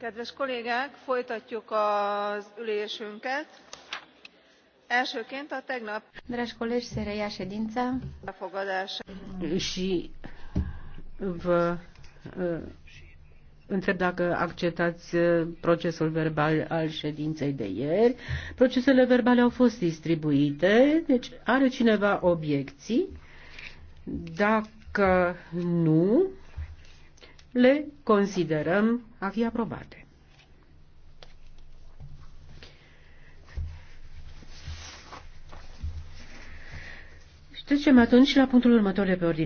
kedves kollégák folytatjuk az ülésünket. elsőként a tegnap dragi colegi se reia ședința și vă ă, întreb dacă acceptați ă, procesul verbal al ședinței de ieri. Procesele verbale au fost distribuite, deci are cineva obiecții? Dacă nu, le considerăm a fi aprobate. Și trecem atunci la punctul următor de pe ordine.